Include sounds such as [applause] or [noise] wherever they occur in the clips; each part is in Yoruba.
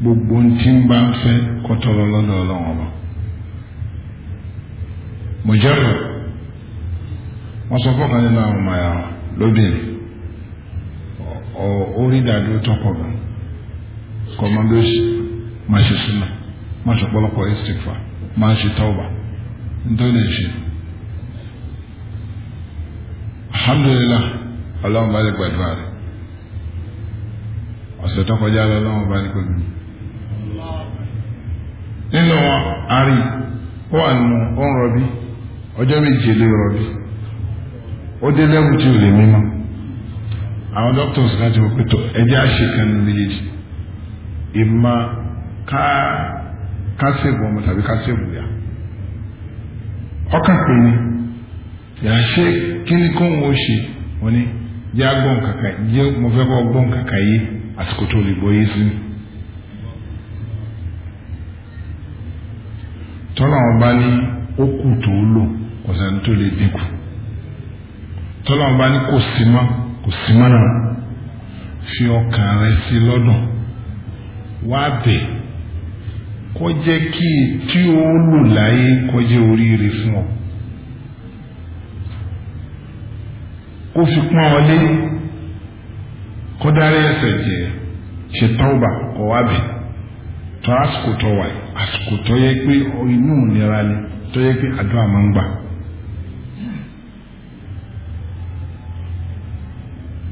gbogbo ntí ń bá ń fẹ́ kọtọrọ lọ́dọ̀ Ọlọ́run ọba wọn sọ fọkàn nínú àwọn ọmọ ya lóbìnrin ọ orí dàdú tọpọ gan kọmọdósì máa ṣe súnà máa ṣe ọ̀pọ̀lọpọ̀ máa ṣe tọba nítorí ṣe Ọlọ́run bá lè nínú wọn àárín ó wà nínú ó ń rọbí ọjọ́ méje lè rọbí ó dé lẹ́wù tí ò lè mímọ́ àwọn doctors kan ti wọ pé tó ẹjẹ́ àṣekan ní méjèèjì ìmọ̀ ká ká ṣègùn ọmọ tàbí ká ṣègùn ìyá ọkàn pé yàá ṣe kí tọ́lọ́wọ́n bá ní ó kù tó lò kò sẹ́ni tó lè dínkù tọ́lọ́wọ́n bá ní kò sí mọ́ kò sí mọ́ náà fi ọkàn rẹ sí lọ́dọ̀ wá bẹ̀ kó jẹ́ kí tí ó lò láyé kó jẹ́ oríire fún ọ. kó fi pọ́n ọ lé kó dárí ẹsẹ̀ jẹ́ ṣe tọ́ba kó wá bẹ̀ tó àsìkò tó wáyé. àsìkò tó yẹ pé inú ìnira ni tó pé àdúrà ma ń gbà.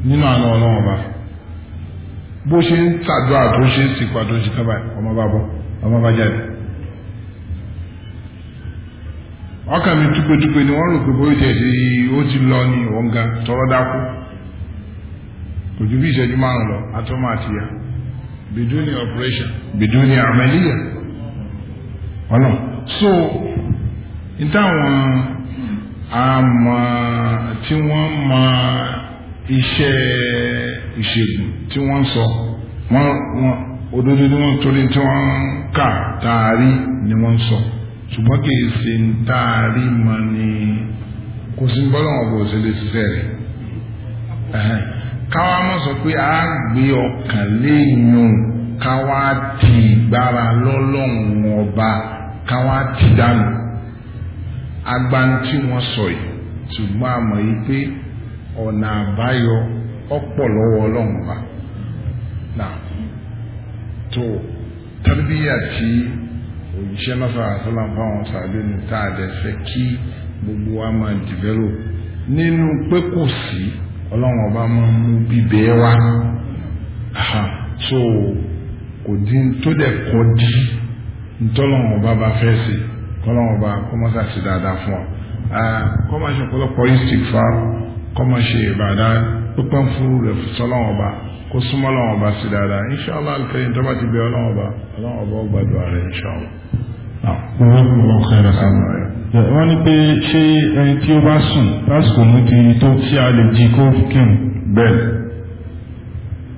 nínú àná ọlọ́run ọba bó ṣe ń tàdúrà tó ṣe ń sìnkú àtúnṣe ṣe tábà ọmọ bá bọ ọmọ bá jáde. ọkàn mi tupu ni wọ́n rò pé bóyá tẹ̀ ti lọ ní ìwọ̀n ga dákú kò ju bí ìṣẹ́jú márùn-ún lọ àti ya ọ̀nà so n táwọn àmọ́ tí wọ́n mọ iṣẹ́ ìṣègùn tí wọ́n sọ wọ́n wọ́n òdodo ni wọ́n torí tí wọ́n ń kà taari ni wọ́n sọ ṣùgbọ́n kì í ṣe ń taari mọ́ ni kò sí bọ́lá wọn kò sí lè ṣiṣẹ́ rẹ̀ káwa mọ̀ sọ pé a gbé ọkàn léèyàn káwa ti gbára lọ́lọ́run ọba káwọn á ti dànù agbantí wọn sọ yìí ṣùgbọ́n a mọ̀ yìí pé ọ̀nà àbáyọ ọ̀pọ̀ lọ́wọ́ ọlọ́run bá nà tó tàbíyà tí òjíṣẹ́ náà sàlá fáwọn sàbẹ̀ nù tá a dẹ̀ fẹ́ kí gbogbo wa máa develop nínú pé kò sí ọlọ́run ọba máa ń mú bíbẹ́ wá so kò dín tó dẹ̀ kọ́ dí ntọ́lọ́wọ̀n ọba bá fẹ́ sí kọ́lọ́wọ̀n ọba kọ́mọ́sá sí dáadáa fún ọ kọ́mọ́sá ọ̀pọ̀lọpọ̀ istikfar kọ́mọ́sá ìbàdá pípọ́n fúru rẹ̀ sọ́lọ́wọ̀n ọba kó súnmọ́ lọ́wọ́n ọba sí dáadáa inṣàlá alkarim tó bá ti bẹ ọlọ́wọ́n ọba ọlọ́wọ́n ọba ó gbàdúrà rẹ̀ inṣàlá. wọ́n ní pé ṣé ẹni tí ó bá sùn lásìkò mú ti tó tí a lè jí kó kírun. bẹ́ẹ̀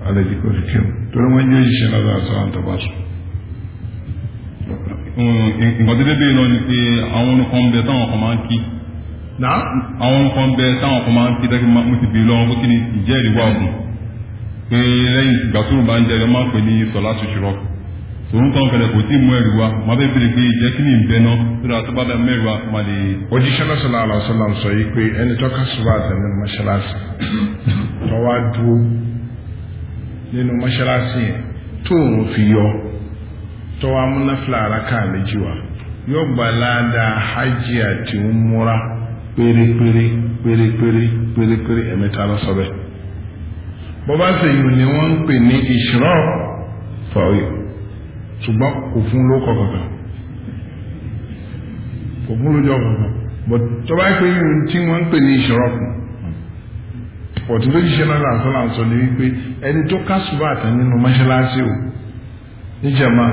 a lè jí kó kírun torí wọ́n ń yóò ṣiṣẹ́ lọ́dọ̀ àtàwọn tó bá sùn nǹkan dédé bẹ́ẹ̀ náà ni pé àwọn olùkọ́ ń bẹ táwọn kan máa ń kí. nà àwọn olùkọ́ ń bẹ táwọn kan máa ń kí dẹ́gbẹ́ mo ti bèèrè lọ́wọ́ kí ni ìjẹ́rìí wà fún pé lẹ́yìn ìgbà tó bá ń jẹ ẹ máa ń pè ní sọlá ṣoṣirọ́ tòun kan fẹlẹ kò tí ì mú ẹrù wa má bẹ bèrè pé ìjẹ́ kí ni ìbẹ náà tó dáa tó bá bẹ mẹ́rù wa má lè. òjíṣẹ́ lọ́sọ̀lá àlọ́sọ̀lá sọ yìí pé ẹni tọ́ka sùúrù àtẹnu mọ́ṣáláṣí tọ́wá dúró nínú mọ́ṣáláṣí yẹn tóun fi yọ tó wá múná fìlàrà ká méjì wá yóò gbà ládàá hajj àti umura pérépéré pérépéré pérépéré ẹ̀mẹ́ta lọ sọ bẹ́ẹ̀. ni wọ́n ń pè ní kò fún kò fún pe ni wípé ẹni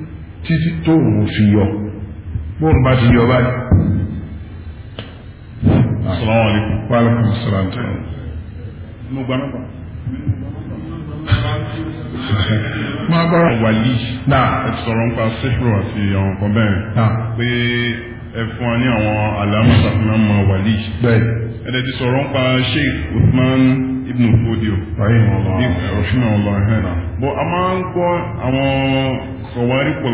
títí tóòrùn fi yọ bóòrùn bá ti yọ báyìí. asalaamu alaykum. wa alaykum salaam tẹ. mo gba nọmba. máa bá wàlí. náà ẹ sọ̀rọ̀ nípa sífúrò àti àwọn kan bẹ́ẹ̀. náà pé ẹ fún wa ní àwọn àlámọ́sàfihàn máa wàlí. bẹ́ẹ̀. ẹ dẹ̀ ti sọ̀rọ̀ nípa sheikh usman ibn fodio ọ̀ṣun ọlọ ẹ̀hẹ́ bọ́ a máa ń gbọ́ àwọn kọ̀wárí pọ̀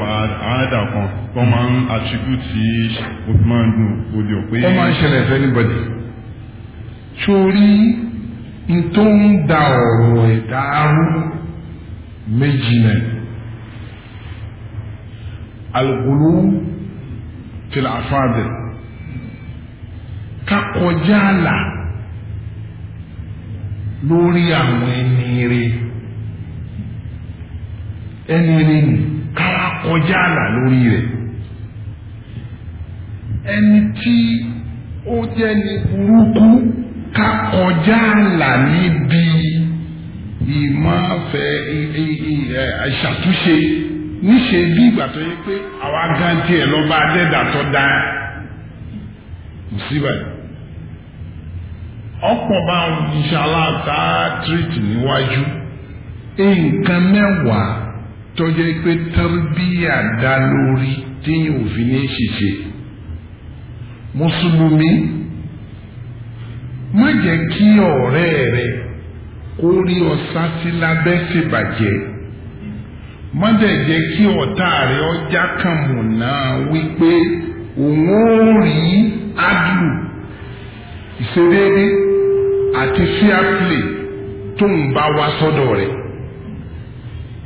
àádà kan tó máa ń àṣìkú ti Usman ibn fodio pé. ó máa ń ṣẹlẹ̀ fẹ́ni bọ́dì sórí n tó ń da ọ̀rọ̀ ẹ̀dá arú méjì náà alukulu tìlà afáàdì kakọjá là. lórí àwọn ẹni rẹ̀ ẹni rẹ̀ nì kára kọjá àlà lórí rẹ ẹni tí ó jẹ́ ní burúkú ká kọjá àlà níbi ìmọ̀fẹ́ ìṣàtúnṣe níṣe bí ìgbà tó yẹ pé àwa gan tiẹ̀ lọ́ba adẹ́dàtọ̀ dá mùsíbà ọ̀pọ̀ bá ìṣàlá tá a tírìtì níwájú nǹkan mẹ́wàá tó jẹ́ pé tẹ́rbíyà dá lórí téèyàn òfin ní ṣiṣẹ́ mùsùlùmí má jẹ́ kí ọ̀rẹ́ rẹ kó rí ọsá sí lábẹ́ ṣèbàjẹ́ má dẹ̀ jẹ́ kí ọ̀tá rẹ ọjà kàmùnà wípé òun ó rí ádùn ìṣedéédé àti fair play tó ń bá wa sọ́dọ̀ rẹ̀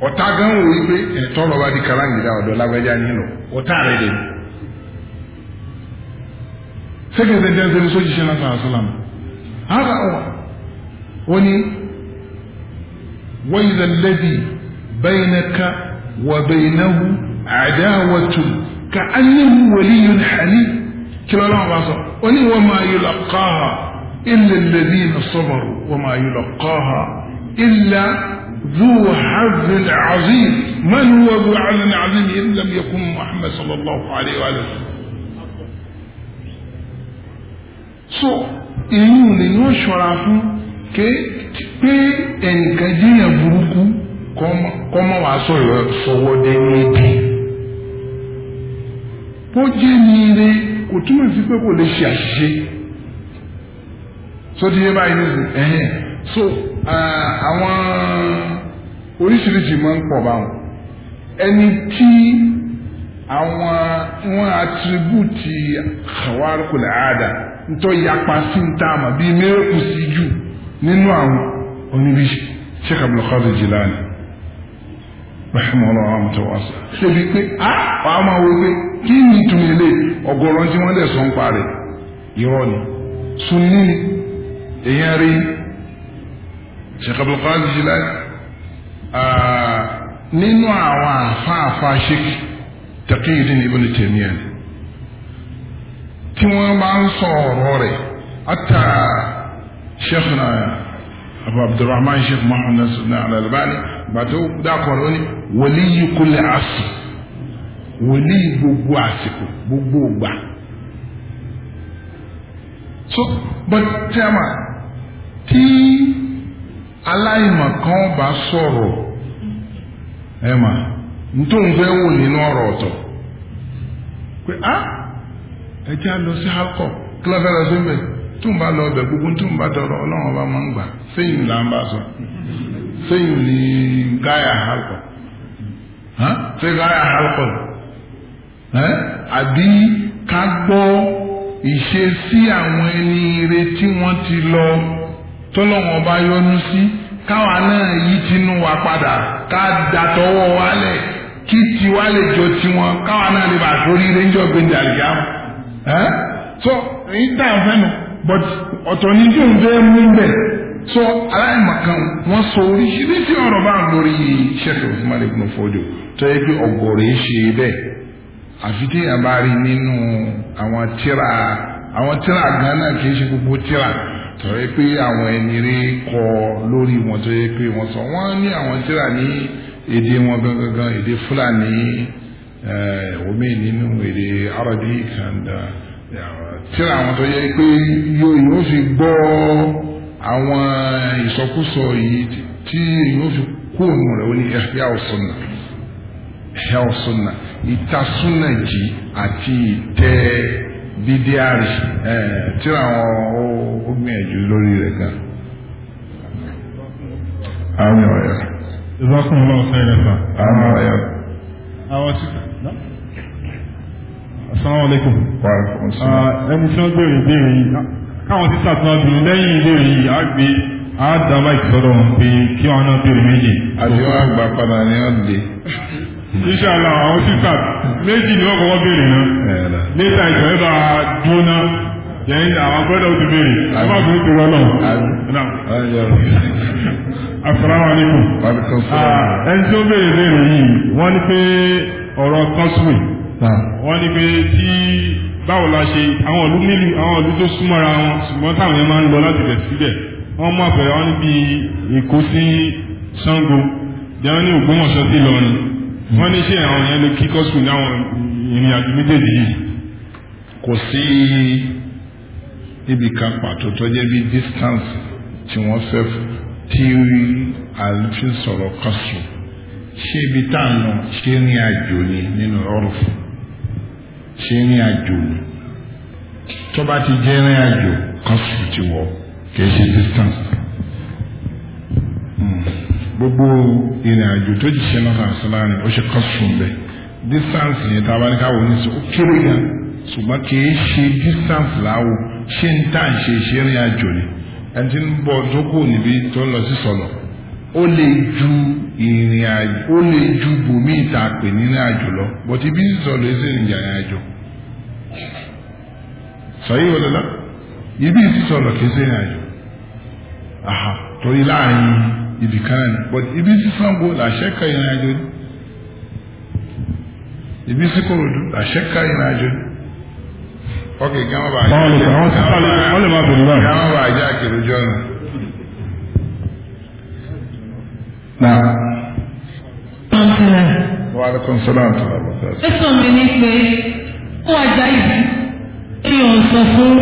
ọ̀tá gan wò wípé ẹ̀tọ́ lọ́ba di karangida ọ̀dọ̀ lágbájá nílò ọ̀tá rẹ̀ dẹ̀ sẹ́kẹ̀tẹ̀ dẹ́sẹ̀ ní sójúṣe náà sàrà sọ́làmù hàrà ọ̀wà ó ní wọ́n ìdá lẹ́dí bẹ́ẹ̀nẹ́ka wà bẹ́ẹ̀nẹ́hu àdáwàtú ka annahu waliyun halim kí lọ́lọ́run bá sọ ó ní wa ma yulaqaha illa alladhina sabaru wa ma yulaqaha illa ذو حظ عظيم من هو ذو حظ عظيم إن لم يكن محمد صلى الله عليه وآله وسلم so èyí ni wọ́n ṣọ́ra fún ké pé ẹnìkan jẹ́yàn burúkú kọ́ mọ́ wàá sọ̀rọ̀ sọ̀wọ́dẹ́ ní ibi bó jẹ́ ní ire kò túmọ̀ sí pé kò lè ṣe àṣìṣe so ti yé báyìí nísìn ẹ̀yìn so àwọn oríṣiríṣi máa ń pọ̀ báwọn ẹni tí àwọn wọn àtìrìbùtì khawarikul àádà ntọ́ yapa sí ntaama bíi mẹ́rẹ́kù sí jù nínú àwọn oníbi sheikh abdulkadir jilani rahimahullah wa rahmatulahi wa sọ ṣe bíi pé a wàá máa wọ pé kí ni ìtumọ̀ eléyìí ọ̀gọ̀rọ̀ tí wọ́n dẹ̀ sọ ń parẹ́ irọ́ ni sunni ni èyàn rí Sheikh Abdul Qadir Jilani nínú àwọn àfáàfá Sheikh Taqiyuddin Ibn Taymiyyah ni tí wọ́n bá ń sọ ọ̀rọ̀ rẹ̀ ata Sheikh na Abu Abdurrahman Sheikh Nasir Al-Albani gbàtó dákọ̀ọ́ lónìí waliyu kulli asr. Wuli gbogbo àsìkò gbogbo ògbà so but tẹ́mà tí aláìmọ̀ kan bá sọ̀rọ̀ ẹ mà nítorí fẹ́ wò nínú ọ̀rọ̀ ọ̀tọ̀ pé á ah, ẹ jẹ́ àlọ́ sí akọ kí sí gbogbo tó ń bá ọba máa ń gbà sẹ́yìn là ń bá sọ sẹ́yìn ní gáyà àbí ká gbọ́ ìṣesí àwọn ẹni ire tí wọ́n ti lọ tọ́lọ́wọ́n bá yọ́nú sí káwa náà yí tinú wa padà ká dàtọ́wọ́ wálẹ̀ kí tiwa lè jọ tiwọn káwa náà lè bá sórí rẹ́ńjọ́ gbẹ̀dẹ̀ àlùyáwó. so ìdá fẹ́nu but ọ̀tọ̀ ní tí òun fẹ́ mú bẹ̀ so aláìmọ̀kan wọ́n sọ oríṣiríṣi ọ̀rọ̀ bá ń lórí ṣẹ́fẹ̀ fún malẹ̀ kùnú fọ́jọ́ tó yẹ pé ọ̀gọ̀rẹ́ ṣe bẹ́ẹ̀ àfi téèyàn bá rí nínú àwọn tíra àwọn tíra gan náà kì í ṣe gbogbo tíra tọ̀rẹ́ pé àwọn ẹni rí kọ lórí wọn tó yẹ pé wọ́n sọ wọ́n ní àwọn tíra ní èdè wọn gangan èdè fúlàní omi nínú èdè arabic and uh, tíra àwọn tó yẹ pé yóò fi gbọ́ àwọn ìsọkúsọ yìí tí yóò fi kó òun rẹ̀ ó ní ẹ̀fíà ọ̀sùn náà ẹ̀fíà ọ̀sùn náà ìtasúnàjì àti ìtẹ́ bídíárì ẹ̀ tí àwọn ó gbìyànjú lórí rẹ̀ gan. àmì ọ̀yọ́. ìbákùn náà fẹ́ lẹ́fà. àmì ọ̀yọ́. àwọn tí. asalaamualeykum. wa rahmatulahi wa ẹni tí wọ́n gbèrè ìbéèrè yìí káwọn títà tí wọ́n bìrì lẹ́yìn ìbéèrè yìí á gbé á dá máìkì sọ́dọ̀ wọn pé kí wọn náà béèrè méjì. àti àgbà padà ní ọ̀dẹ inshallah àwọn sísà méjì ni wọ́n kọ́kọ́ béèrè náà níta ìjọ ẹ bá yẹn àwọn bọ́dọ̀ ó ti béèrè ẹ má bínú tó rọ́nà. asalaamualeykum ẹni tí ó béèrè béèrè yìí wọ́n ní pé ọ̀rọ̀ kọ́sùwì ah. wọ́n ní pé tí báwo la ṣe àwọn ìlú nílùú àwọn ìlú tó súnmọ́ra wọn ṣùgbọ́n táwọn yẹn máa ń lọ láti bẹ̀ síbẹ̀ wọ́n mú àpẹẹrẹ wọn níbi èkó sí Ṣàngó jẹ́ wọn ní Ògbómọ̀ṣọ́ sí Ìlọrin wọ́n ní ṣe àwọn yẹn ló kí kọ́sùn láwọn ìrìn àjò méjèèjì yìí kò sí ibi kan pàtó tó jẹ́ bí distance tí wọ́n fẹ́ tí àfi sọ̀rọ̀ kọ́sùn ṣé ibi tá à lọ ṣé ní àjò ni nínú ọ̀rọ̀ fún ṣé ní àjò ni tó bá ti jẹ́ ní àjò kọ́sùn ti wọ̀ kì í ṣe distance. gbogbo ìrìn àjò tó jìṣẹ́ náà sàṣàlá ni ó ṣe kọ́sùn bẹ́ẹ̀ distance yẹn tá a bá ní káwọn ní sọ ó kéré gan ṣùgbọ́n kì í ṣe distance ṣé ń tà ń ṣe ṣe ìrìn àjò ni ẹni tí ń lọ sí sọ̀lọ̀ ó lè ju ìrìn àjò ó lè ju bòmí ìta nínú àjò lọ bí lọ ibi kì í ibi kan náà but ibi sí Ṣàngó làṣẹ ka ìrìn àjò ni ibi sí Kòròdú làṣẹ ka ìrìn àjò ni ok gán bá ajá kiri jọ nù. na. wa alaikum salaam tó lọ bọ. ẹ sọ mi ní pé ó ajá yìí kí n sọ fún.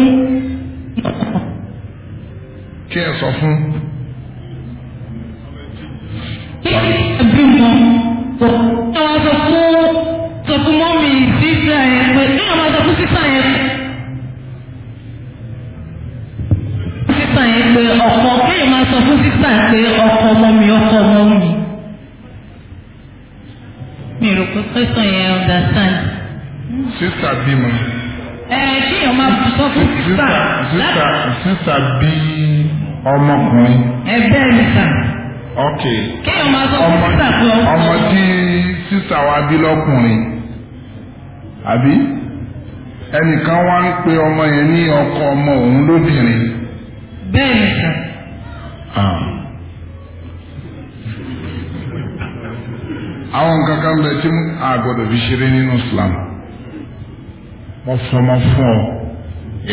kí n sọ fún. sísan yẹn sísan yẹn pé ọkọ kéèyàn máa sọ fún sísan pé ọkọ ọmọ mi ọkọ ọmọ mi mi rò pé sísan yẹn understand. sísan bímọ. ẹ kéèyàn máa sọ fún sísan. sísan sísan bí ọmọkùnrin. ẹ bẹ́ẹ̀ ni sà ok ọmọ tí sísà wa bí lọkùnrin àbí ka wá ń pe ọmọ yẹn ní ọkọ ọmọ òun lóbìnrin. bẹ́ẹ̀ ni sà. Ah. àwọn nǹkan kan bẹ tí a gbọdọ̀ fi ṣeré nínú Islam wọ́n fọmọ fún ọ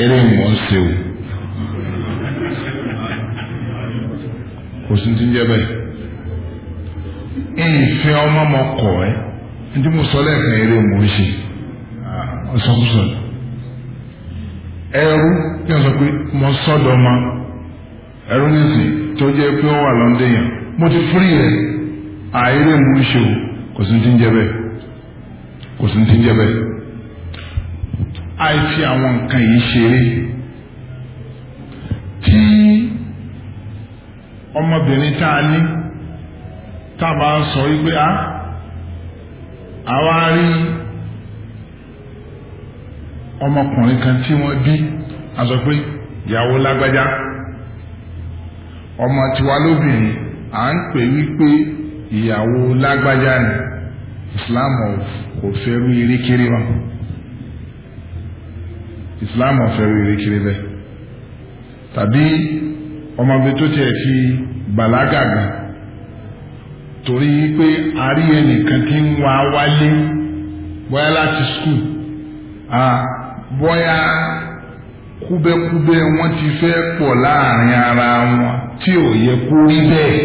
eré ìwọ̀n ṣe o kò sí ti ń jẹ́ bẹ́ẹ̀ ìfẹ́ ọmọ mọ̀ kọ̀ ẹ́ mo sọ ẹrú kí wọ́n sọ pé mo ma ẹrú nísìnyí tó jẹ́ pé ó wà lọ́ndé yẹn mo ti fúri rẹ̀ àìrè mú iṣẹ́ o kò sí ti ń jẹ bẹ́ẹ̀ kò sí ti ń jẹ àìfi àwọn nǹkan yìí tí a a bá ah, ọmọkùnrin kan tí wọ́n bí a sọ pé ìyàwó lágbájá ọmọ tiwa lóbìnrin à ń pè wípé ìyàwó lágbájá ni Islam kò fẹ́rú eré kéré wọn Islam ò fẹ́rú eré kéré bẹ́ẹ̀ tàbí ọmọbìnrin tó tiẹ̀ fi bàlágà gan torí pé a rí ẹnìkan ń wá wálé bóyá láti skul. bóyá kúbẹ́kúbẹ́ wọ́n ti fẹ́ pọ̀ láàrin ara wọn tí ò yẹ kó rí bẹ́ẹ̀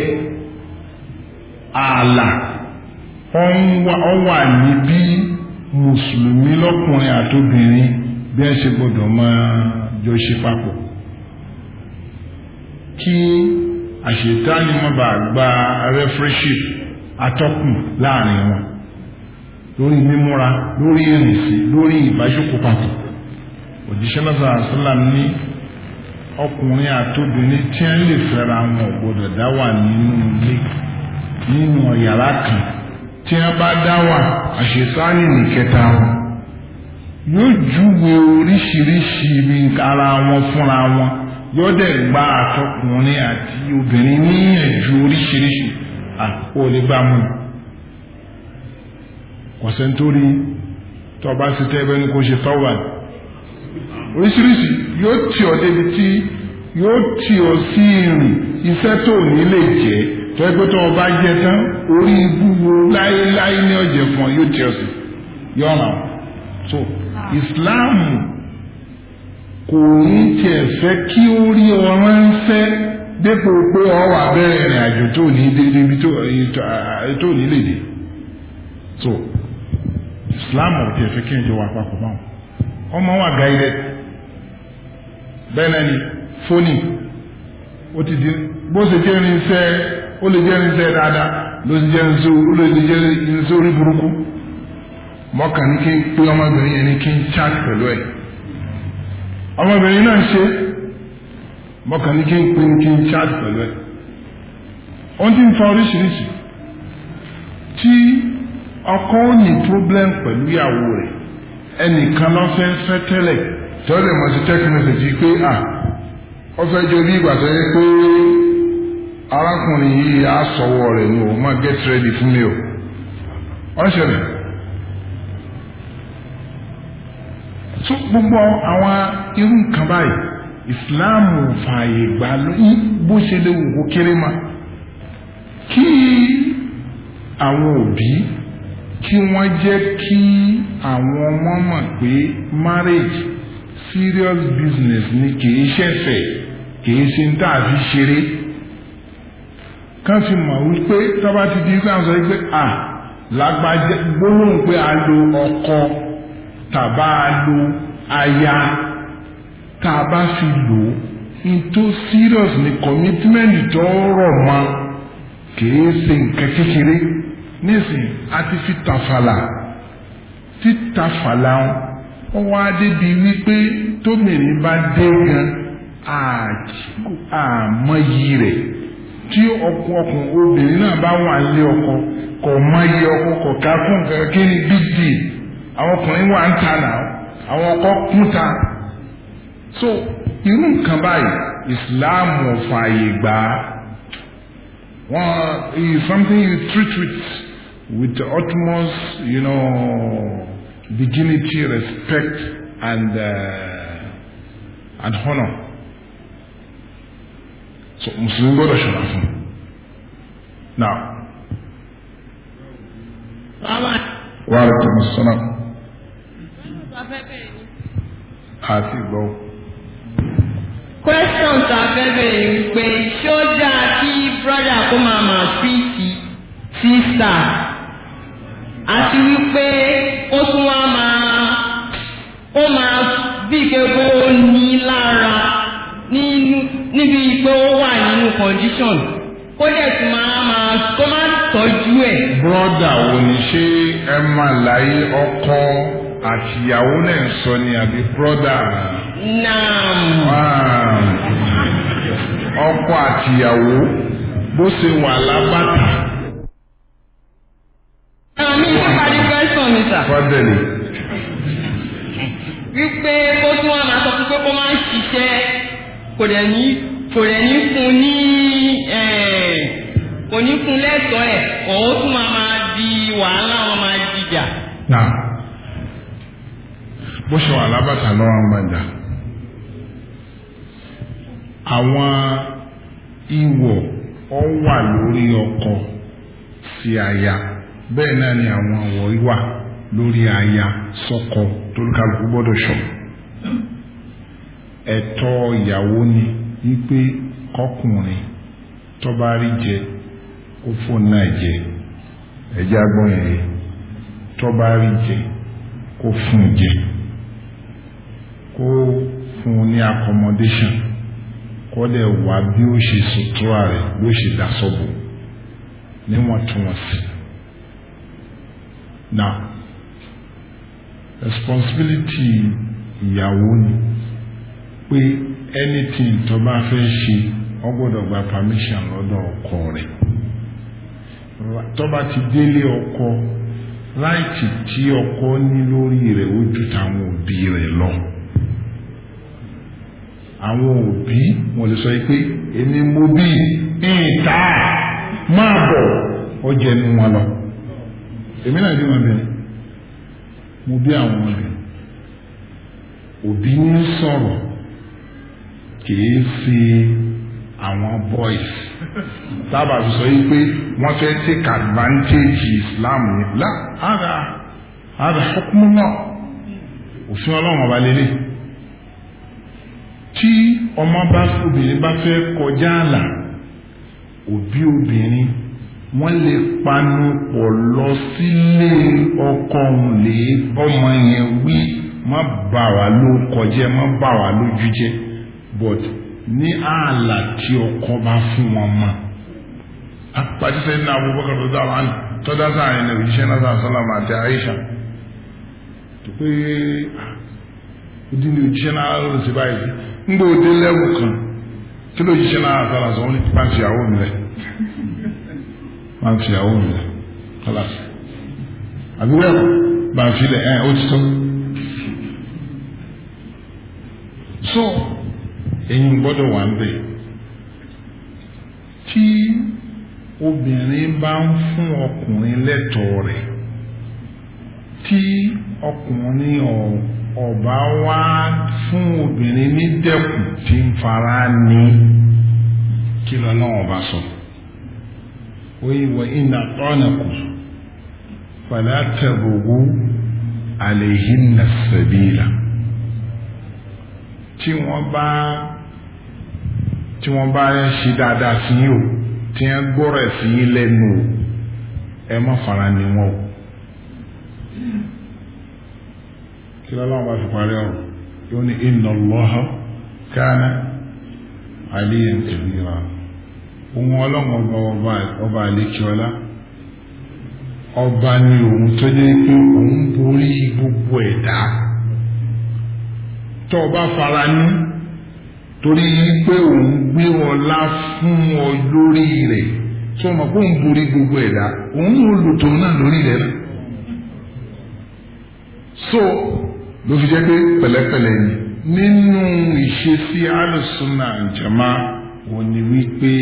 ààlà ọ wà níbí mùsùlùmí lọ́kùnrin àtòbìnrin bí ẹ ṣe gbọ́dọ̀ máa jọ ṣe papọ̀ kí àṣetáni má bàa gba refereship atọ́kùn láàrin wọn lórí mímúra lórí ìrìnsì lórí ìbáṣepọ̀ pàtó òjíṣẹ́ náà sọ̀rọ̀ àṣìlá ní ọkùnrin àtòbìnrin tí wọ́n lè fẹ́ra wọn ò gbọ́dọ̀ dá wà nínú ilé nínú yàrá kan tí wọ́n bá dá wà àṣesáàlì nìkẹta wọn yóò júwe oríṣiríṣi ibi ara wọn fúnra wọn yóò dẹ̀ gba àtọkùnrin àti obìnrin níyànjú oríṣiríṣi àkókò lè bá mú un kọ̀sẹ̀ nítorí tọ́ba sí tẹ́bẹ́ ní kó ṣe tọ́wà ní oríṣiríṣi yóò tì ọ́ débi tí yóò tì ọ́ sí ìrìn iṣẹ́ tó ní lè jẹ́ tọ́jú tó ọba jẹ tán orí gbogbo láéláé ní ọ̀jẹ̀ fún ọ yóò tì ọ́ sí yọ̀nà so Islam kò ní tiẹ̀ fẹ́ kí ó rí ọ̀rọ̀ ń fẹ́ dépò pé ọ wà bẹ̀rẹ̀ ìrìn àjò tó ní débi tó ní lè dé so Islam ò tiẹ̀ fẹ́ kí n jọ wà papọ̀ báwọn ọmọ wa guided bẹ́ẹ̀ náà ni fóònì ó ti di bó ṣe jẹ́ irinṣẹ́ ó lè jẹ́ irinṣẹ́ dáadáa ló ti jẹ́ irinṣẹ́ ó lè jẹ́ irinṣẹ́ orí burúkú mọ́kàn ní kí n pé ọmọbìnrin yẹn ní kí n chat pẹ̀lú ẹ̀ ọmọbìnrin náà ṣe mọ́kàn ní kí n pé kí n chat pẹ̀lú ẹ̀ wọ́n ti ń fa oríṣiríṣi tí ọkọ ní problem pẹ̀lú ìyàwó rẹ̀ ẹnìkan ló fẹ́ fẹ́ tẹ́lẹ̀ tí wọ́n lè mọ̀ sí text message pé à fẹ́ bí ìgbà tó arákùnrin yìí á rẹ̀ ni get ready fún mi o ó ṣẹlẹ̀ gbogbo àwọn irú nǹkan báyìí Islam fààyè gbà lóyún bó ṣe lè wù kó kí marriage serious business ni kìí ṣẹ̀fẹ̀ kìí ṣe ń tà fi ṣeré kán fi mọ̀ wípé tọ́ba ti di sáà sọ wípé à lágbájá gbólóhùn pé a lo ọkọ tàbá a lo aya tá a bá fi lò ó n tó serious ni commitment tó rọ̀ mọ́ kìí ṣe nǹkan kékeré nísìnyí a ti fi tàfàlà títàfàlà ń ó wá débi wípé tómìnrin bá dé gan àmọyì rẹ̀ tí ọkùnkùn obìnrin náà bá wà lé ọkọ kò mọyì ọkọ kò fún nǹkan kí big deal àwọn ọkùnrin wà ń ta náà àwọn ọkọ kún ta so irú nǹkan báyìí Islam ò fààyè gbà á wọn is something you treat with with the utmost you know dignity, respect, and, uh, and honor. So, Mùsùlùmí gbọ́dọ̀ ṣọ̀ra fún un. Now, wà á rẹ̀ tẹ̀mọ̀ Question ta fẹ́ bẹ̀rẹ̀ ni pé ṣó dáa kí brother kó máa máa fi sí sísà àti wípé ó tún wá máa ó máa bí gbogbo ó ní lára níbi pé ó wà nínú condition kó dẹ̀ tún máa máa kó máa tọ́jú ẹ̀. bọ́dà wo ni ṣé ẹ máa láyé ọkọ àtìyàwó náà sọ ni àbí bọ́dà. naam. ọkọ àtìyàwó bó ṣe wà lábàtà. mi ti parí question mi sà. fọdẹ̀lì. wípé kó tún máa sọ pé kó máa ń ṣiṣẹ́ kò dẹ̀ ní kò dẹ̀ di wàhálà wọn máa jìjà. bó ṣe wà lábàtà lọ́wọ́ ń gbàjà àwọn ọ wà lórí ọkọ sí aya. bẹ́ẹ̀ náà ni àwọn àwọ̀ wà lórí aya sọ́kọ tólúkàlùkù gbọ́dọ̀ ṣọ́ ẹ̀tọ́ ìyàwó ni wípé kọkùnrin tó rí jẹ kó fóun náà jẹ ẹ̀jẹ̀ agbọ́n rí fún jẹ ní accommodation kó dẹ̀ bí ó sutura rẹ̀ bí ó ṣe níwọ̀ntúnwọ̀nsì. na responsibility ìyàwó ni pé anything tó bá fẹ́ ṣe ọ gba permission lọ́dọ̀ ọkọ rẹ̀ tó bá ti délé ọkọ láìtì tí ọkọ ní lórí rẹ̀ ó ju tàwọn òbí rẹ̀ lọ àwọn òbí wọn lè sọ pé èmi mo bí ìta máa bọ̀ ọjẹ́ nu wọn lọ. èmi náà bí wọn bẹ̀rẹ̀ mo bí àwọn ọmọbìnrin òbí ń sọ̀rọ̀ kìí fi àwọn boys sábà sọ yìí pé wọ́n fẹ́ take advantage Islam ni lá ada. ara hukumu náà òfin ọlọ́run ọba lélẹ̀ tí ọmọ bá obìnrin bá fẹ́ kọjá àlà òbí obìnrin wọ́n lè panu pọ̀ lọ sílé ọkọ òun lè ọmọ yẹn wí má bà wá ló kọjẹ́ má bà wá lójú but ní ààlà tí ọkọ bá fún wọn mọ́ apàtìsẹ́ ní Abubakar tó dá wọn tọ́dá sáàrin ní náà sáà sálàmù Aisha tó pé ah, náà báyìí ń òde kan kí ló náà sọ máa fi ìyàwó mi lẹ̀ kálásì àbí wẹ́ẹ̀kọ́ máa fi lẹ̀ ẹ̀ ó ti tó. so ẹ̀yin gbọ́dọ̀ wà ń bẹ̀ tí obìnrin bá ń fún ọkùnrin lẹ́tọ̀ọ́ rẹ̀ tí ọkùnrin ọba wá fún obìnrin ní dẹ́kun tí ń fara ní kí lọ́nà ọba sọ. So oye wọ iná tọ́nà kù fàlà tẹ̀bùgù àlèyìn nà sẹ̀bìlà tí wọ́n bá tí wọ́n bá ń ṣe dáadáa sí yìí o tí wọ́n gbọ́rọ̀ sí yìí lẹ́nu o ẹ má fara ni wọn o kí lọ́lọ́wọ́ bá fi parí ọ̀rọ̀ yóò ní inna Allaha kana aliyan kabira òun ọlọ́run ọba ọba àlekíọ́lá ọba ni òun tó jẹ́ pé òun borí gbogbo ẹ̀dá tó ọba fara ní torí pé òun gbé ọlá fún ọ lórí rẹ̀ tó ọmọ pé òun borí gbogbo ẹ̀dá òun ò lò tòun náà lórí rẹ̀ náà so ló fi jẹ́ pé pẹ̀lẹ́pẹ̀lẹ́ ni nínú ìṣesí alùsùnà àjàmá òun ni wípé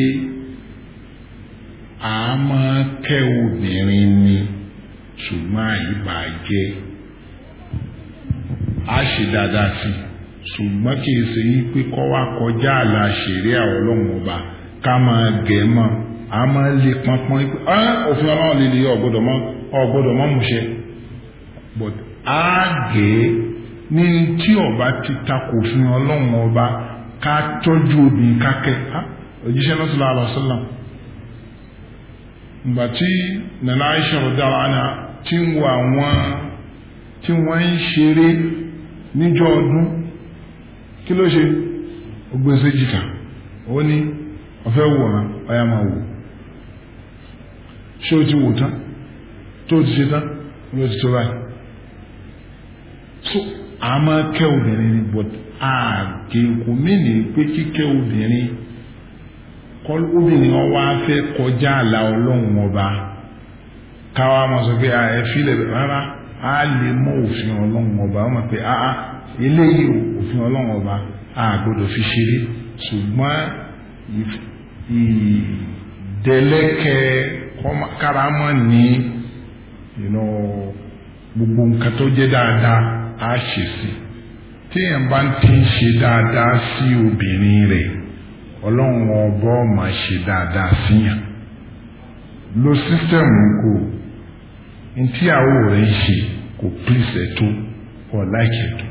ama máa kẹ́ obìnrin ni ṣùgbọ́n àyíbá jẹ́ a ṣe dáadáa sí ṣùgbọ́n kì í ṣe yí pé kọ́ wa kọjá àlà ṣeré àwọn ọlọ́run ká máa gẹ̀ mọ́ a máa lè pọnpọ́n pé òfin ọlọ́run lè lè ọ̀gbọ́dọ̀ mọ́ ọ̀gbọ́dọ̀ mọ́ múṣẹ but a gẹ̀ ní tí ọba ti takò fún ọlọ́run ọba ká tọ́jú obìnrin kákẹ́ ojúṣe lọ́sọ̀lá àlọ́sọ̀lá. ìgbà tí na aisha rọ̀dára náà tí ń wo àwọn tí wọ́n ṣeré níjọ́ ọdún kí ló ṣe ogbèsè e jìtà ó ní ọ̀fẹ́ wòran ọ̀yà máa ṣé o ti tán tó o ti ṣe tán ló ti tó báyìí so àmọ́ kẹ́ obìnrin obìnrin wọn wá fẹ́ kọjá àlà ọlọ́run ọba káwa máa sọ pé ẹ filẹ̀ rárá a lè mọ òfin ọlọ́run ọba wọ́n mọ̀ pé áá eléyìí òfin ọlọ́run ọba a gbọ́dọ̀ fi ṣeré ṣùgbọ́n ìdẹ́lẹ́kẹ̀ káramọ́ ní gbogbo nǹkan tó jẹ́ dáadáa á ṣe sí téèyàn bá ti ṣe dáadáa sí obìnrin rẹ̀ ọlọ́run ọba ọmọ ṣe dáadáa síyàn lo sísẹ́mù kò ntí àwọ̀ rẹ̀ ń ṣe kò pílísẹ̀ tó ọ̀ láìkẹ̀ tó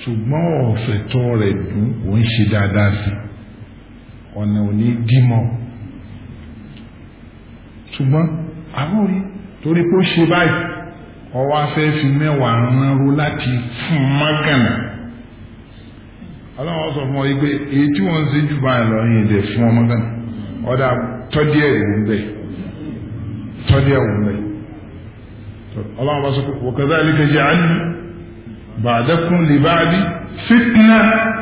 ṣùgbọ́n ọ̀fẹ́ tó rẹ̀ dùn ò ń ṣe dáadáa sí ọ̀nà òní dímọ̀ ṣùgbọ́n àwòrí torí pé ó ṣe báyìí ọwọ́ afẹ́ fi mẹ́wàá ránró láti fún mọ́gànà. ọlọ́run sọ fún ọ yìí pé èyí tí wọ́n ń ṣe jù báyìí lọ yìí fún ọmọ gan ọ̀dà tọ́dí ẹ̀ wò ń bẹ̀ tọ́dí ẹ̀ wò ń bẹ̀ ọlọ́run bá sọ pé fitna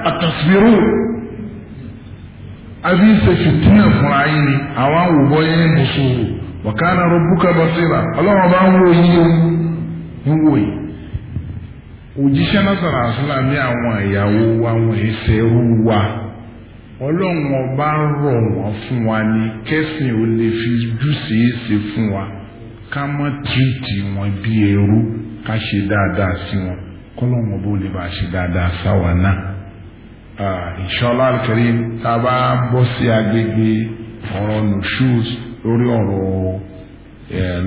atasbiru àbí ṣe fìtínà fún ayé ni àwọn àwòbọ yẹn mùsùlùmí wa ọlọ́run ń wò òjíṣẹ́ lọ́sọ̀rọ̀ àṣọlá ní àwọn ìyàwó wa wọn ẹsẹ̀ rú wa ọlọ́run ọba rọ̀ wọ́n fún wa ní kẹ́sìn ò lè fi júṣeéṣe fún wa ká má tìrìtì wọn bí ẹrú ká ṣe dáadáa sí wọn kọ́lọ́run ọba ò lè bá ṣe dáadáa sáwa náà. Inshallah al-Karim tá a bá bọ́ sí agbègbè ọ̀rọ̀ nushuz lórí ọ̀rọ̀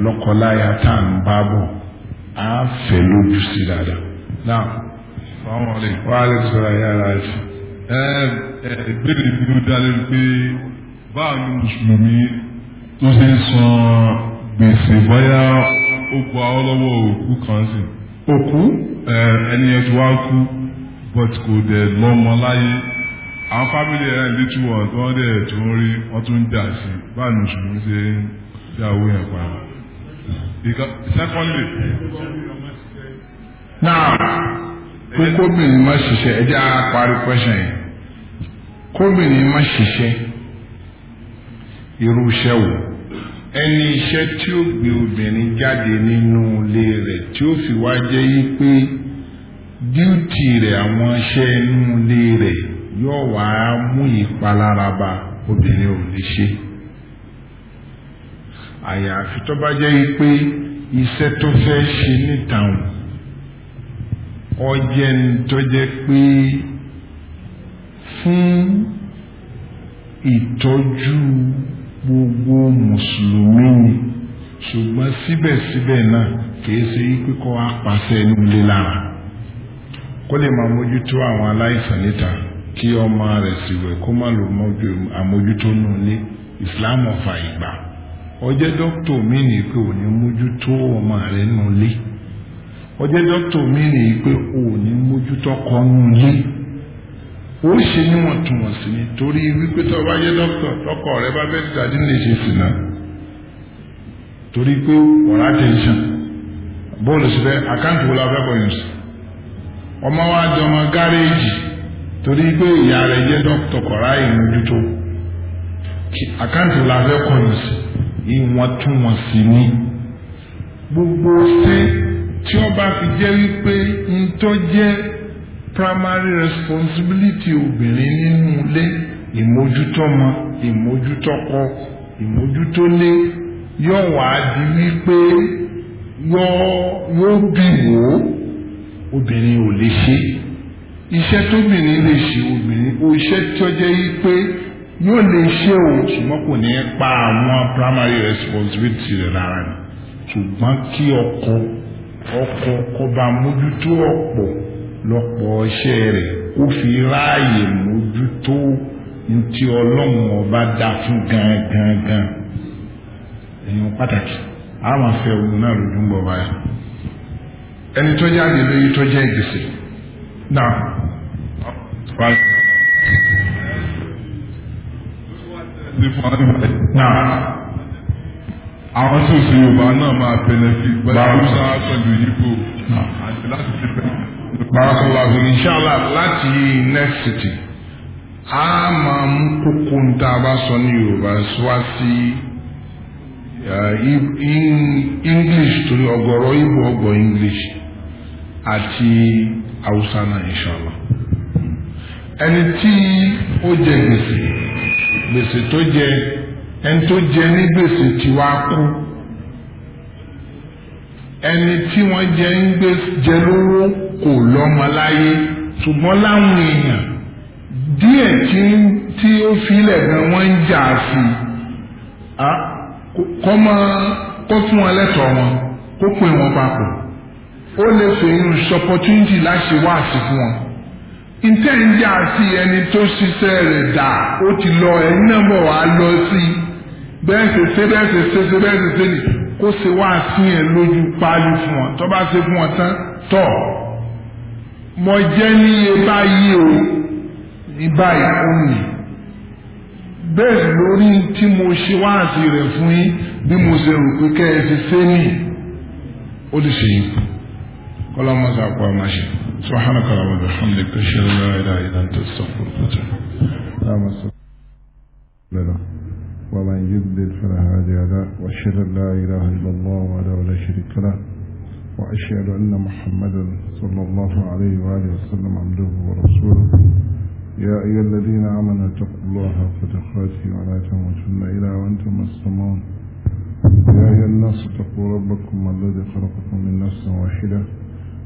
lọ́kọláya tá à ń bá bọ̀ á fẹ́ lójú sí dáadáa. Now, Sọ́wọ́n wọlé. Wà á lè sọ̀rọ̀ yàrá rẹ̀. Ẹ ẹ ìbéèrè mi ló dá lórí pé báwo ni Mùsùlùmí tó ṣe ń san gbèsè bóyá ó gba ọ lọ́wọ́ òkú kan sí. Òkú? Ẹ ẹni ẹ ti wá kú but kò dẹ̀ lọ́mọ láyé. Àwọn fámìlì ẹ̀ létí wọ̀n tó wọ́n dẹ̀ tó ń rí wọ́n tún ń dà sí. Báwo ni Mùsùlùmí ṣe ń ṣe àwọn pa? Secondly náà pé kóbìnrin má ṣiṣẹ́ ẹjẹ́ á parí pẹ́ṣẹ̀ yẹn kóbìnrin má ṣiṣẹ́ irú iṣẹ́ wò ẹni iṣẹ́ tí ó gbé obìnrin jáde nínú ilé rẹ̀ tí ó fi wá jẹ́ yí pé díútì rẹ̀ àwọn iṣẹ́ inú ilé rẹ̀ yóò wá mú ìpalára bá obìnrin ò lè ṣe àyàfi tó bá jẹ́ yí pé iṣẹ́ tó fẹ́ ṣe níta wọn ọjẹ́ ń tọ́jẹ́ pé fún ìtọ́jú gbogbo mùsùlùmí ni ṣùgbọ́n síbẹ̀síbẹ̀ náà kìí ṣe pé apàṣẹ nílé lára kó lè máa mójútó àwọn aláìsàn níta kí ọmọ rẹ̀ sì wẹ̀ kó má lò mọ́jú àmójútó nù ní ìsìláàmù ìgbà ọmọ ọjọ́ dọ́tò mi rè é pé o ò ní ó ṣe níwọ̀ntúnwọ̀nsì ni torí wípé tó bá yẹ dọ́kítọ̀ tọkọ rẹ bá bẹ́ẹ̀ dájú lè ṣe sí náà torí pé ọ̀rá tẹ̀sán bọ́ọ̀lù síbẹ̀ àkáǹtì wo la fẹ́ bọ̀ yẹn sí ọmọ wa jọ ọmọ gáréèjì torí pé ìyá rẹ̀ jẹ́ dọ́kítọ̀ kọ̀ọ̀rá ìmójútó àkáǹtì wo la fẹ́ kọ̀ yẹn sí ìwọ̀ntúnwọ̀nsì ni gbogbo ṣé tí ó bá fi jẹ́ wípé n tó jẹ́ primary responsibility obìnrin nínú ilé ìmójútọ́mọ ìmójútọ́kọ ìmójútólé yóò wá di wípé yóò bì wò ó obìnrin ò lè ṣe iṣẹ́ tóbìnrin lè ṣe obìnrin o iṣẹ́ tó jẹ́ wípé yóò lè ṣe o ṣùgbọ́n kò ní pa àwọn primary responsibility rẹ̀ lára ni ṣùgbọ́n kí ọkọ ọkọ kọba mójútó ọ̀pọ̀ lọ́pọ̀ ọṣẹ́ rẹ̀ ó fi ráàyè mójútó ntí ọlọ́run ọba dá fún gangan èèyàn pàtàkì a máa fẹ́ ogun náà lójú ń bọ̀ báyà ẹni tó jáde lóyún tó jẹ́ gbèsè náà wà á. Nah. àwọn tó Yoruba yorùbá náà máa benefit bẹ́ẹ̀ hausa pẹ̀lú yíbo ah. àti láti fi bẹ́ẹ̀. barakallahu inshallah láti next city a máa mú kókó ń tá a bá sọ ní yorùbá wá sí eh, english torí Ogoro, ibo ọgbọ english àti hausa náà inshallah ẹni tí ó jẹ gbèsè gbèsè tó jẹ. ẹni tó jẹ ní gbèsè tí wàá kú ẹni tí wọ́n jẹ ń jẹ lówó kò lọ́mọ láyé ṣùgbọ́n láwọn èèyàn díẹ̀ tí ó filẹ̀ gan wọ́n ń jà sí i kọ́ máa kó fún wọn lẹ́tọ̀ọ́ wọn kó pè wọn papọ̀ ó lè fèyí ṣọpọtúndì láti wá sí fún wọn ìtẹ́ ń jà sí ẹni tó ṣiṣẹ́ rẹ̀ dà ó ti lọ ẹ̀yin náà bọ̀ wá lọ sí i bẹ́ẹ̀ ṣe ṣe bẹ́ẹ̀ ṣe ṣe ṣe bẹ́ẹ̀ ṣe ṣe nì kó ṣe wá sí yẹn lójú páálí fún wọn tó bá ṣe fún wọn tán tọ̀ mo jẹ́ níye báyìí o ní báyìí ó nì bẹ́ẹ̀ lórí tí mo ṣe wá sí rẹ̀ fún yín bí mo ṣe rò pé kẹ́ ẹ ṣe ṣe nì ó lè ṣe yín kọ́lá mọ́sá àpò àmàṣe سبحانك اللهم وبحمدك اشهد ان لا اله الا انت استغفرك واتوب اليك ومن يضلل فلا هادي له واشهد ان لا اله الا الله وحده لا شريك له واشهد ان محمدا صلى الله عليه واله وسلم عبده ورسوله يا ايها الذين امنوا اتقوا الله حق تقاته ولا تموتن الا وانتم مسلمون يا ايها الناس اتقوا ربكم الذي خلقكم من نفس واحده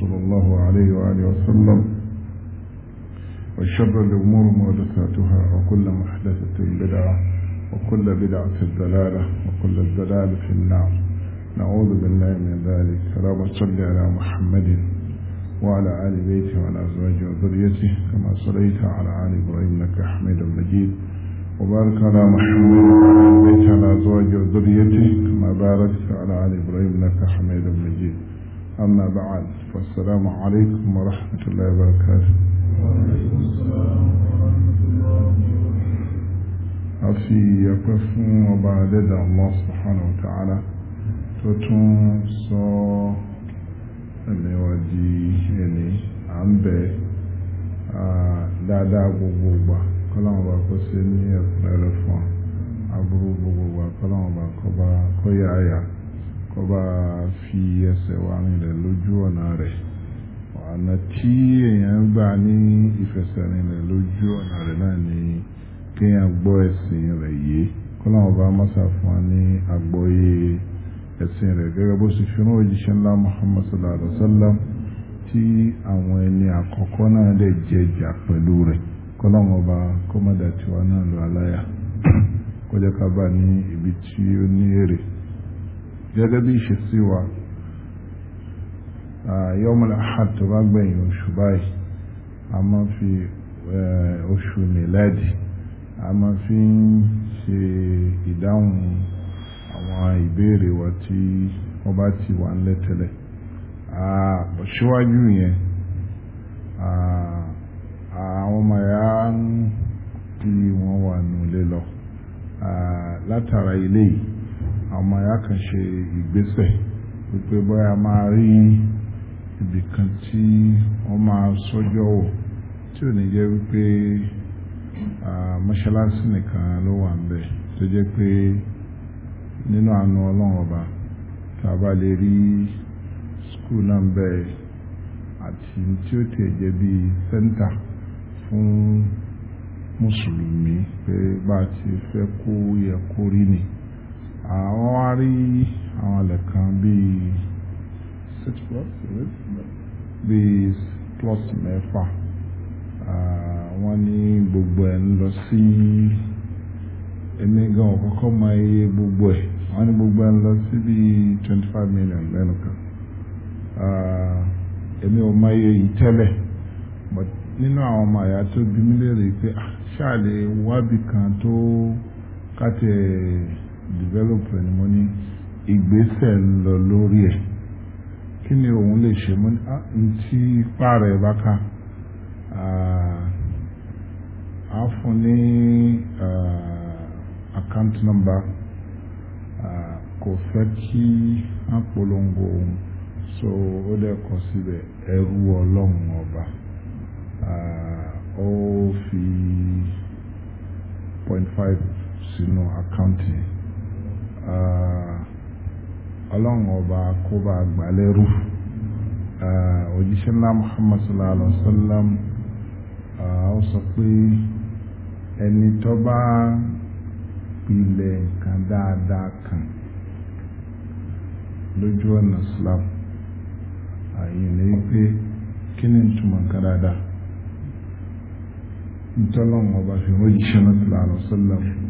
صلى الله عليه وآله وسلم وشر الأمور محدثاتها وكل محدثة بدعة وكل بدعة الدلالة وكل الدلالة في النار نعوذ بالله من ذلك اللهم صل على محمد وعلى آل بيته وعلى أزواجه وذريته كما صليت على آل إبراهيم إنك حميد مجيد وبارك على محمد وعلى آل بيته وعلى أزواجه وذريته كما باركت على آل إبراهيم إنك حميد مجيد أما بعد فالسلام عليكم ورحمة الله وبركاته وعليكم السلام ورحمة الله أفي يقفون وبعد الله سبحانه وتعالى تتون صو ẹni wa di ẹni دادا ń كلام dáadáa gbogbo gbà kọ́láwọn bá kó ṣe ní ẹ̀kúnrẹ́rẹ́ fún wa kọba a fi ẹsẹ̀ wa rinlẹ̀ lójú ọ̀nà rẹ̀ ọ̀nà tí èèyàn gbà ní ìfẹsẹ̀rinlẹ̀ lójú ọ̀nà rẹ̀ náà ni kéèyàn gbọ́ ẹ̀sìn rẹ̀ yìí kọ́láwọn bá fún wa ní àgbọ́yé ẹ̀sìn rẹ̀ gẹ́gẹ́ bó sì fi ńlá sallallahu alaihi wa sallam tí àwọn ẹni náà lè [clears throat] ní ibi tí ó ní èrè. gẹ́gẹ́ bí ìṣesí wa yọmọlá ahad tó bá gbẹ̀yìn oṣù báyìí a máa fi oṣù mìlẹ́dì a máa fi ń ṣe ìdáhùn àwọn ìbéèrè wa tí wọ́n bá ti wà ńlẹ̀ tẹ́lẹ̀ ṣíwájú yẹn àwọn ọmọ ya ń tí wọ́n wà nílé lọ látara ilé yìí àwọn ya kan ṣe ìgbésẹ̀ wípé bóyá máa rí ibì kan tí wọ́n máa sọ́jọ́ wò tí ò ní jẹ́ wípé mọ́ṣáláṣí nìkan ló wà ń bẹ̀ tó jẹ́ pé nínú àánú ọlọ́run ọba tá a bá lè rí skul náà ń bẹ̀ àti tí ó tẹ̀ jẹ́ bíi sẹ́ńtà fún mùsùlùmí pé bá a ti fẹ́ kó yẹ kó rí ni. rí àwọn ilẹ̀ kan bíi plus bíi plus mẹ́fà wọ́n ní gbogbo ẹ̀ ń lọ sí èmi gan ọ̀kọ́kọ́ mọ iye gbogbo ẹ̀ wọ́n ní gbogbo ẹ̀ ń lọ sí bíi twenty five million lẹ́nu kan èmi ò mọ iye yìí tẹ́lẹ̀ but nínú àwọn ọmọ àyà tó bí mi léèrè pé ah, ṣáà lè wábì kan tó kàtẹ́ ẹ̀ develop ẹni mo ní ìgbésẹ̀ lọ lórí ẹ̀ kí ni òun lè ṣe mo ní tí ipá rẹ̀ bá ká a fún ní account number kò fẹ́ kí a polongo òun so ó dẹ̀ kọ síbẹ̀ ẹrú ọlọ́run ọba ó fi point five sínú àkáǹtì Ah, ọlọ́run ọba kó bá gbà lẹ́rú ah, òjíṣẹ́ ńlá muhammad sallallahu alaihi wa sallam ah, ó sọ pé ẹni tó bá pilẹ̀ nǹkan dáadáa kan lójú ọ̀nà islam àyìnlẹ̀ pé kí ni ìtumọ̀ nǹkan dáadáa ntọ́lọ́run ọba fi rọ́jíṣẹ́ náà sallallahu alaihi wa sallam.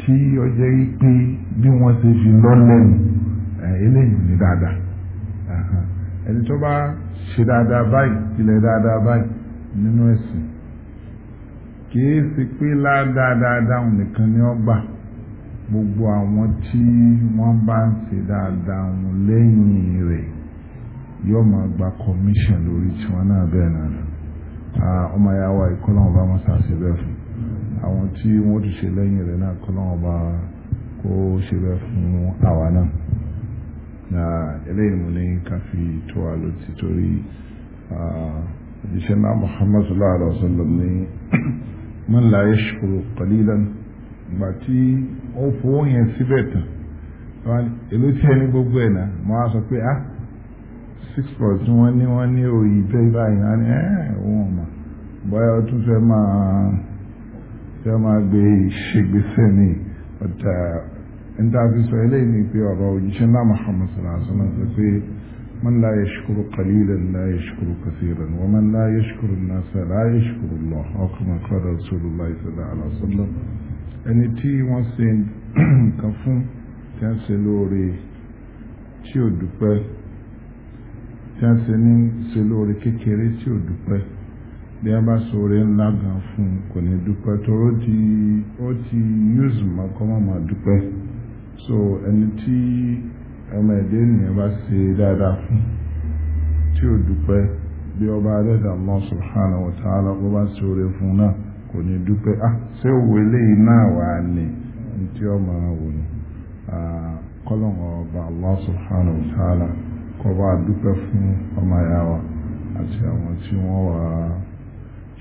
tí ó jẹ́ pé bí wọ́n ṣe fi lọ́lẹ́nu eléyìí ní dáadáa ẹni tó bá ṣe dáadáa báyìí tilẹ̀ dáadáa báyìí nínú ẹ̀sìn kìí ṣe pé ládáadáa nìkan ni ó gbà gbogbo àwọn tí wọ́n bá ń ṣe dáadáa wọn lẹ́yìn rẹ̀ yóò máa gba commission lórí tiwọn náà bẹ́ẹ̀ náà ọmọ yàrá wa ìkọlọ́wọ́n bá wọn ṣàṣẹ bẹ́ẹ̀ fún àwọn tí wọ́n ti ṣe lẹ́yìn rẹ̀ náà kọ́ lọ́wọ́ bá kó ṣe bẹ́ẹ̀ fún àwa náà na eléyìí mo ní ká fi tó wa ló ti torí ìṣẹ́ náà Muhammad sallallahu alaihi wa sallam ní [clears throat] man la yashkuru qalilan ìgbà tí ó fowó yẹn síbẹ̀ tán èló tí ẹni gbogbo ẹ̀ náà mo á sọ pé ah six plus tí wọ́n ní wọ́n ní òyìnbẹ́ báyìí wọ́n ní ẹ̀ eh, wọ́n mọ̀ bóyá ó tún fẹ́ máa. تما بي الشيخ الثاني وانت انت عزيز عليني في عبا ويجينا محمد صلى الله عليه وسلم في من لا يشكر قليلا لا يشكر كثيرا ومن لا يشكر الناس لا يشكر الله او كما قال رسول الله صلى الله عليه وسلم ان تي وان سين كفون كان سلوري تيو دوبه كان سين سلوري كيكيري تيو دوبه bí a bá sọ̀rọ̀ ńlá gan kò ní dúpẹ́ tóró ti ó ti yúzù ma kọ́ ma so eniti tí ọmọ ẹ̀dẹ́ ènìyàn dáadáa fún tí ó dúpẹ́ bí ọba adẹ́dà Allah subhanahu wa ta'ala bó fún náà kò ní dúpẹ́ ah ṣé ọba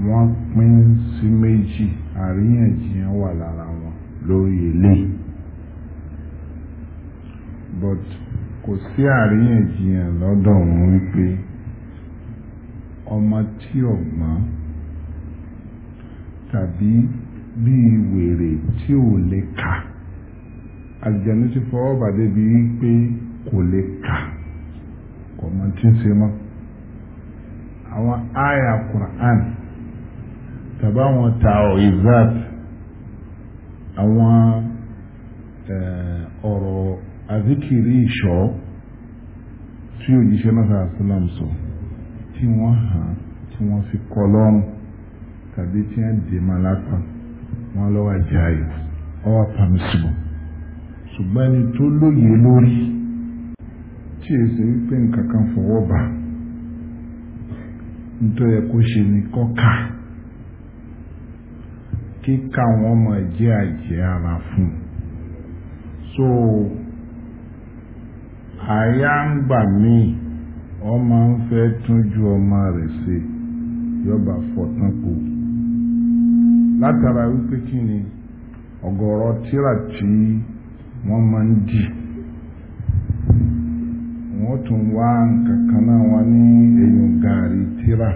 wọ́n pín sí méjì àríyànjiyàn wà lára wọn lórí eléyìí but kò sí àríyànjiyàn lọ́dọ̀ wọn wípé ọmọ tí ọ̀gbọ́n tàbí bí wèrè tí ò lè kà àjẹ̀nú ti fọwọ́ bàdé bí wípé kò lè kà kò tí ń ṣe mọ́ àwọn àyà Qur'an tàbí àwọn tàọ̀ ìzáàt àwọn ọ̀rọ̀ àzíkiri ìṣọ́ tí òjíṣẹ́ náà sàlám sọ tí wọ́n hàn tí wọ́n fi kọ́ lọ́rùn tàbí tí wọ́n dè má lápá wọn lọ́wọ́ àjáyò ọwọ́ pàmísìmọ̀ ṣùgbọ́n ẹni tó lóye lórí tí èsì wípé nǹkan kan fọwọ́ bá nítorí ẹ kó ṣe ní kọ́ka. kíkà wọn mọ̀ jẹ́ àjẹ́ ara fún so àyà ń gbà míì ọmọ ń fẹ́ ju ọmọ rẹ̀ ṣe yọba fọ̀tán kù látara wípé kí ni ọgọrọ tíra tí wọ́n máa ń dì wọ́n tún wá nǹkan kan náà wá ní èèyàn gàrí tíra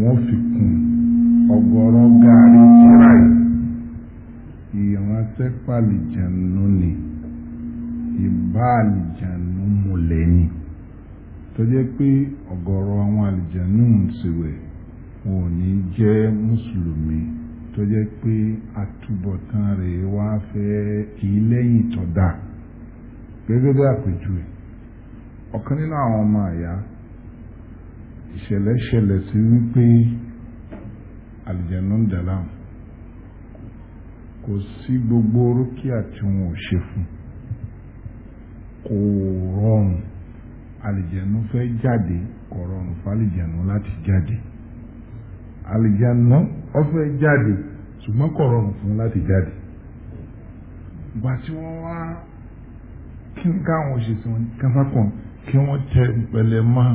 wọ́n fi kùn Ọgọrọ gàrí tíra ìrántẹ́ pàlìjànú ni ìbá àlìjànú múlẹ̀ ni pé ọgọrọ àwọn àlìjànú ti wẹ̀ wọn ò ní jẹ́ mùsùlùmí tó pé àtúbọ̀tán rẹ̀ wá fẹ́ kì í lẹ́yìn tọ́da bí àpèjúwe nínú àwọn ọmọ àyà ìṣẹ̀lẹ̀ wipe. àlìjẹ̀nú ń dà láàmú kò sí gbogbo rúkìá tí wọn ò ṣe fún kò rọrùn àlìjẹ̀nú fẹ́ jáde kò rọrùn fàlìjẹ̀nú láti jáde àlìjẹ̀nú ó fẹ́ jáde ṣùgbọ́n kò rọrùn fún láti jáde ìgbà tí wọ́n wá kí n káwọn òṣìṣẹ́ wọn kásákùn kí wọ́n tẹ pẹ̀lẹ́ mọ́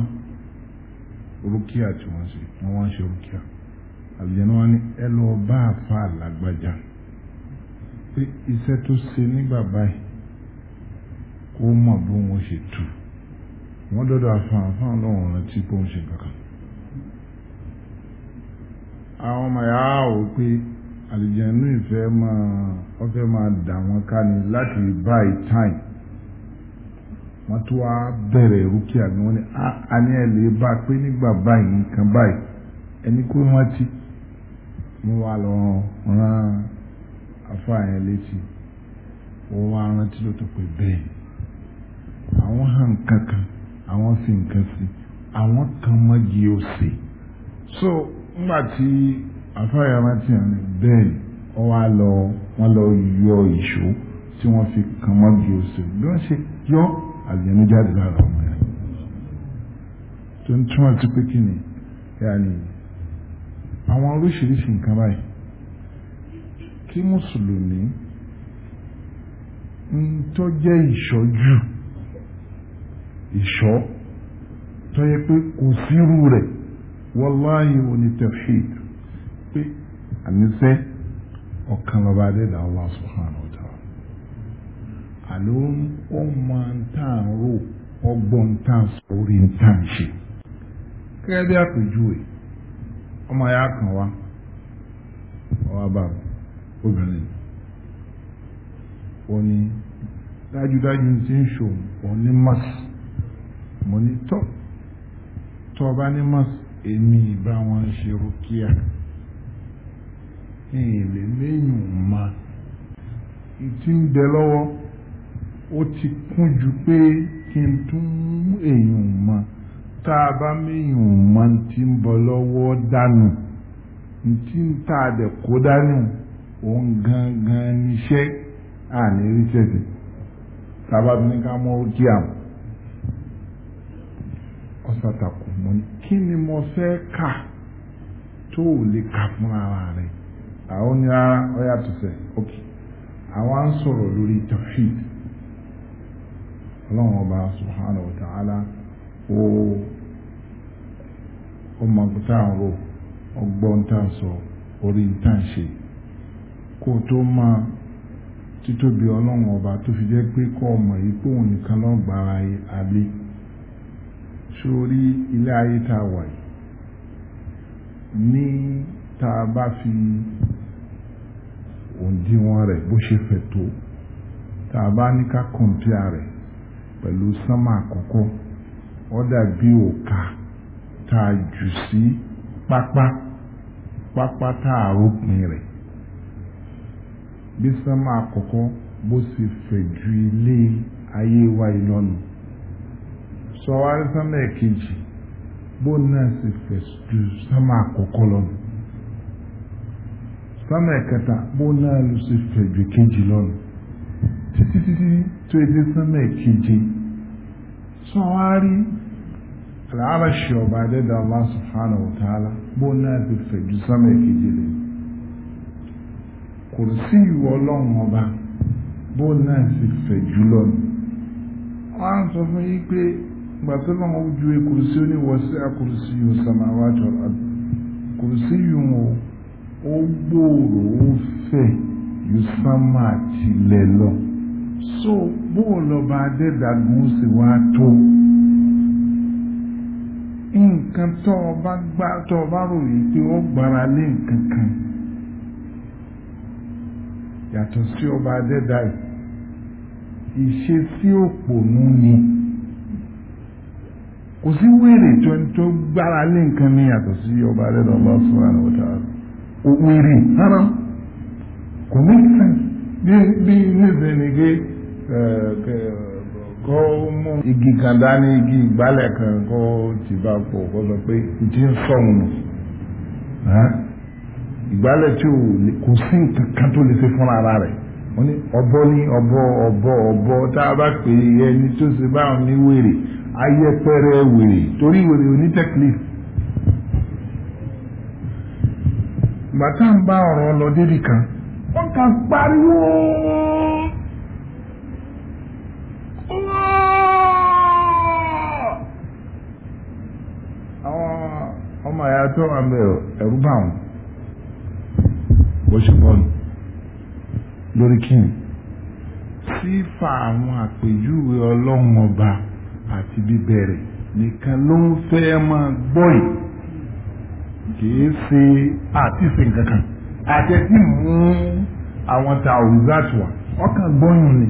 rúkìá tí wọ́n ṣe wọ́n wá ń ṣe rúkìá àlùjànnú wa ní ẹ lọ bá àfa àlágbájá pé iṣẹ́ tó ṣe nígbà báyìí kó mọ̀ bí wọ́n ṣe tù wọ́n dọ́dọ̀ àfa àfa ọlọ́run rántí pé wọ́n ṣe kankan. àwọn ọmọ yà á wò pé àlùjànnú ìfẹ́ máa ọfẹ́ máa dà wọ́n ká ní láti báyìí táìm wọ́n tún wá bẹ̀rẹ̀ rúkìá ni wọ́n ní a ẹ̀ lè bá a pé nígbà báyìí nǹkan báyìí ẹni kó rántí mo wà lọ rán afọ àyẹn létí òun wá rántí ló tó pé bẹ́ẹ̀ àwọn hàn kankan àwọn sì nǹkan sí àwọn kan mọ́gi ó sè so nígbà tí afọ àyẹn rántí hàn bẹ́ẹ̀ wọ́n wá lọ wọ́n lọ yọ ìṣó tí wọ́n fi kàn mọ́gi ó sè bí wọ́n ṣe yọ àgbẹ̀nujáde lára ọmọ tó ń túmọ̀ sí pé kí ni yáà nìyí. àwọn oríṣiríṣi nǹkan báyìí kí mùsùlùmí ń tó jẹ́ jù ìṣọ́ tó yẹ pé kò sírú rẹ̀ wàláhì oní pé àníṣe ọ̀kan lọ́ba adẹ́dà Allah subhanahu wa àló ó máa ń tàn rò ọgbọ́n ń sórí ṣe ọmọ ya kàn wá ọwọ́ bá obìnrin ó ní dájúdájú ti ń ṣòun òun ní mọ́s mo ní tọ́ tọ́ ọba ní mọ́s èmi ìbá wọn ṣe rúkìá ní lẹ́yìn ma ìtí ń bẹ lọ́wọ́ ó ti kún ju pé kí n tún èèyàn mọ́ tá a bá méyìn mọ́ ti ń bọ̀ lọ́wọ́ dànù ti ń tà dẹ̀ kó dànù òun gangan níṣẹ́ àní rí tẹ̀sẹ̀ tá a bá ní ká mọ́ kí àwọn ọ̀sàtàkù mọ́ ni kí ni mo fẹ́ kà tó ò lè kà fún ara rẹ̀ àwọn ní ara ọ̀yà tó sẹ̀ ok àwọn à ń sọ̀rọ̀ lórí tafid ọlọ́run ọba subhanahu wa ta'ala ó. ọmọ tá à ń rò ọgbọ́n tá à ń sọ orí tá ń ọba tó fi jẹ́ pé kọ́ ọmọ yìí pé òun nìkan lọ́ọ́ alẹ́ sórí ilé ayé tá a wà yìí ní tá a bá fi òǹdíwọ̀n rẹ̀ bó ṣe fẹ̀ tó bá ní ká tá a jù sí pápá pápá tá a rópin rẹ̀ bí sánmà àkọ́kọ́ bó ṣe fẹ̀ ju ilé ayé wa ìlọ́nu sọwárí sánmà ẹ̀kejì bó náà ṣe fẹ̀ ju sánmà àkọ́kọ́ lọ́nu sánmà ẹ̀kẹta bó náà ló ṣe fẹ̀ ju kejì lọ́nu títí títí tó ẹdí sánmà ẹ̀keje sọwárí àlàáràṣì ọba adẹ́dà Allah subhanahu wa ta'ala bó náà ti fẹ̀jú sámà èkejì lè kò sí ìwọ ọlọ́run ọba bó náà ti fẹ̀jú lọ́nà wọ́n á sọ fún yí pé gbàtọ́nà ojú ekùrùsí oníwọ̀sí akùrùsí yóò samáwájọ́ kùrùsí yóò ó gbòòrò ó fẹ̀ yóò sámà àtìlẹ̀ lọ so bóòlọ́ba adẹ́dàgún sì wá tó. nǹkan tó o gbá tó o bá pé ó gbára lé nǹkan kan yàtọ̀ sí ọba adẹ́dá yìí ìṣesí ni kò sí wèrè tó ń tó gbára lé nǹkan ní yàtọ̀ sí ọba adẹ́dá Allah subhanahu wa kò rárá kò ní sàn bí kó mú igi kan dání igi ìgbálẹ̀ kan kó tì bá pọ̀ kó sọ pé n ti ń sọ̀rùn nù ìgbálẹ̀ tí kò sí nǹkan kan tó lè ṣe fúnra ara rẹ̀ wọ́n ní ọ̀bọ ní ọ̀bọ ọ̀bọ ọ̀bọ tá a bá pè é ẹni tó ṣe báwọn ní wèrè ayẹpẹrẹ wèrè torí wèrè onítẹ̀klif. bàtà ń bá ọ̀rọ̀ lọ débi kan wọ́n kàn pariwo ìpayà tó wà mẹ́ ẹ̀rú bá wọn bó ṣe bọ́ nù lórí kíni sífà àwọn àpèjúwe ọlọ́run ọba àti bíbẹ̀rẹ̀ nìkan ló ń fẹ́ máa gbọ́ yìí kìí ṣe àti ṣe nǹkan kan àtẹ̀tí mú àwọn tàwùzàtì wà ọkàn gbọ́yìn ni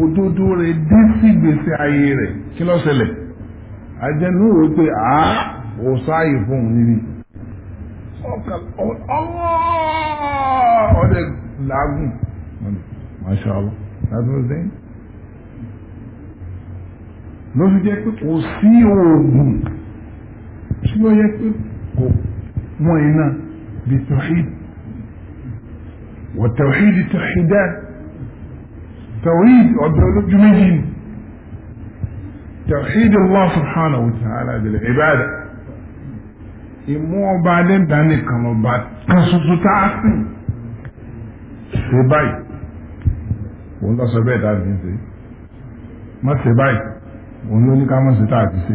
òdodo rẹ̀ dé sí gbèsè ayé rẹ̀ kí ló ṣẹlẹ̀ àjẹnú rò pé àá. òsáyì fún òun níbí ọdẹ làágùn masha Allah láti ló dé ló fi jẹ́ pé kò sí oògùn tí ó yẹ pé kò wọ́n iná bí tawhid wọ́n tawhid tawhidá tawhid ọ̀dọ̀ olójú méjì tawhid Allah subhanahu wa ta'ala bil ibada. ìmú ọba adẹ́dá nìkan ọba kan ṣoṣo tá a sìn ṣe báyìí òun lọ sọ bẹ́ẹ̀ dáàbì ń ṣe má ṣe báyìí òun ló ní ká má ṣe tá a ti ṣe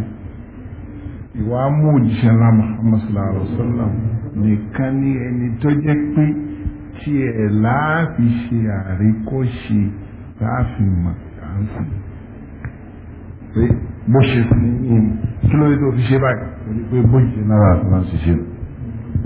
ìwà mú òjíṣẹ́ ńlá Muhammad sallallahu alaihi wasallam nìkan ní ẹni tó jẹ́ pé tiẹ̀ láàfin ṣe àríkọ́ṣe láàfin mọ̀ láàfin pé bó ṣe fi yín kí ló dé tó fi ṣe báyìí. torí pé bó ṣe náírà tó máa ń ṣiṣẹ́ nù.